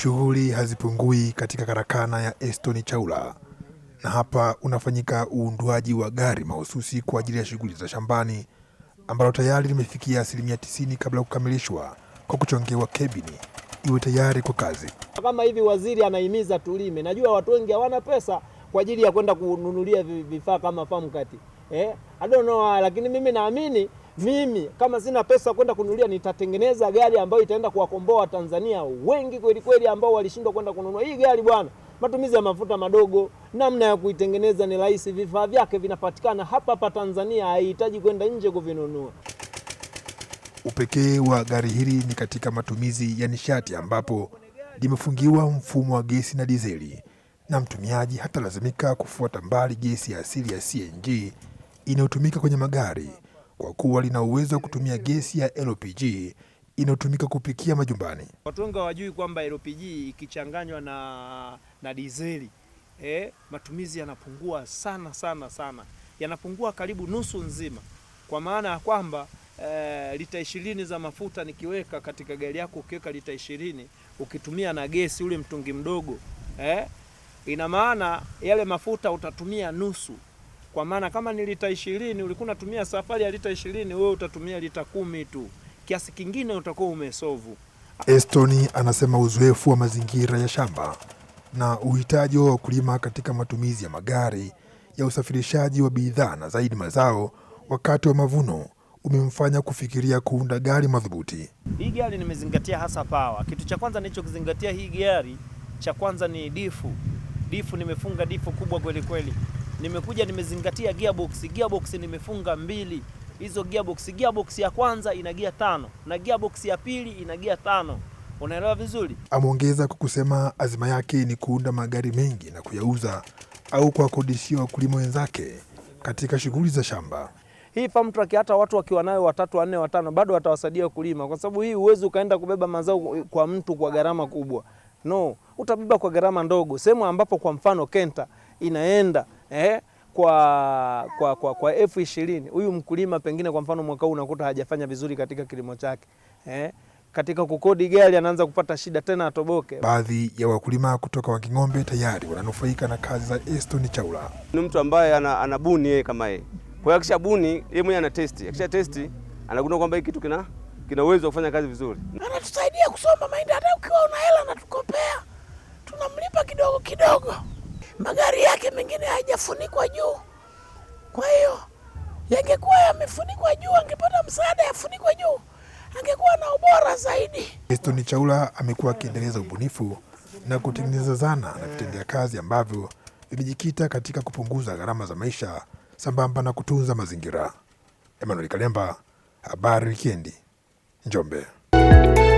Shughuli hazipungui katika karakana ya Eston Chaula, na hapa unafanyika uundwaji wa gari mahususi kwa ajili ya shughuli za shambani ambalo tayari limefikia asilimia tisini kabla ya kukamilishwa kwa kuchongewa kebini iwe tayari kwa kazi. Kama hivi waziri anahimiza tulime, najua watu wengi hawana pesa kwa ajili ya kwenda kununulia vifaa kama farm cart. Eh, I don't know, lakini mimi naamini mimi kama sina pesa kwenda kununulia, nitatengeneza gari ambayo itaenda kuwakomboa Watanzania wengi kweli kweli ambao walishindwa kwenda kununua hii gari bwana. Matumizi ya mafuta madogo, namna ya kuitengeneza ni rahisi, vifaa vyake vinapatikana hapa hapa Tanzania, haihitaji kwenda nje kuvinunua. Upekee wa gari hili ni katika matumizi ya nishati ambapo limefungiwa mfumo wa gesi na dizeli, na mtumiaji hatalazimika kufuata mbali gesi ya asili ya CNG inayotumika kwenye magari kwa kuwa lina uwezo wa kutumia gesi ya LPG inayotumika kupikia majumbani. Watu wengi hawajui kwamba LPG ikichanganywa na, na dizeli eh, matumizi yanapungua sana sana sana, yanapungua karibu nusu nzima, kwa maana ya kwamba eh, lita ishirini za mafuta nikiweka katika gari yako, ukiweka lita ishirini ukitumia na gesi ule mtungi mdogo eh, ina maana yale mafuta utatumia nusu. Kwa maana kama ni lita ishirini ulikuwa unatumia safari ya lita ishirini wewe utatumia lita kumi tu, kiasi kingine utakuwa umesovu. Eston anasema uzoefu wa mazingira ya shamba na uhitaji wa wakulima katika matumizi ya magari ya usafirishaji wa bidhaa na zaidi mazao wakati wa mavuno umemfanya kufikiria kuunda gari madhubuti. Hii gari nimezingatia hasa pawa. Kitu cha kwanza nilichokizingatia hii gari cha kwanza ni difu. Difu nimefunga difu kubwa kweli kweli nimekuja nimezingatia gearbox. Gearbox nimefunga mbili hizo gearbox. Gearbox ya kwanza ina gia tano na gearbox ya pili ina gia tano. Unaelewa vizuri. Ameongeza kwa kusema azima yake ni kuunda magari mengi na kuyauza au kuwakodishia wakulima wenzake katika shughuli za shamba. Hii farm truck hata watu wakiwa nayo watatu wanne watano bado watawasaidia kulima, kwa sababu hii huwezi ukaenda kubeba mazao kwa mtu kwa gharama kubwa, no, utabeba kwa gharama ndogo, sehemu ambapo kwa mfano Kenta inaenda eh, kwa kwa kwa, kwa elfu ishirini huyu mkulima pengine kwa mfano mwaka huu unakuta hajafanya vizuri katika kilimo chake eh, katika kukodi gari anaanza kupata shida tena atoboke. Baadhi ya wakulima kutoka Wanging'ombe tayari wananufaika na kazi za Eston Chaula. Ni mtu ambaye anabuni yeye kama yeye, kwa hiyo akisha buni yeye mwenyewe ana testi, akisha testi anagundua kwamba hii kitu kina kina uwezo wa kufanya kazi vizuri. Anatusaidia kusoma mahindi, hata ukiwa una hela anatukopea, tunamlipa kidogo kidogo magari yake mengine hayajafunikwa juu. Kwa hiyo yangekuwa yamefunikwa juu, angepata msaada yafunikwe juu, angekuwa na ubora zaidi. Estoni Chaula amekuwa akiendeleza ubunifu na kutengeneza zana na vitendea kazi ambavyo vimejikita katika kupunguza gharama za maisha sambamba na kutunza mazingira. Emmanuel Kalemba, habari wikendi, Njombe.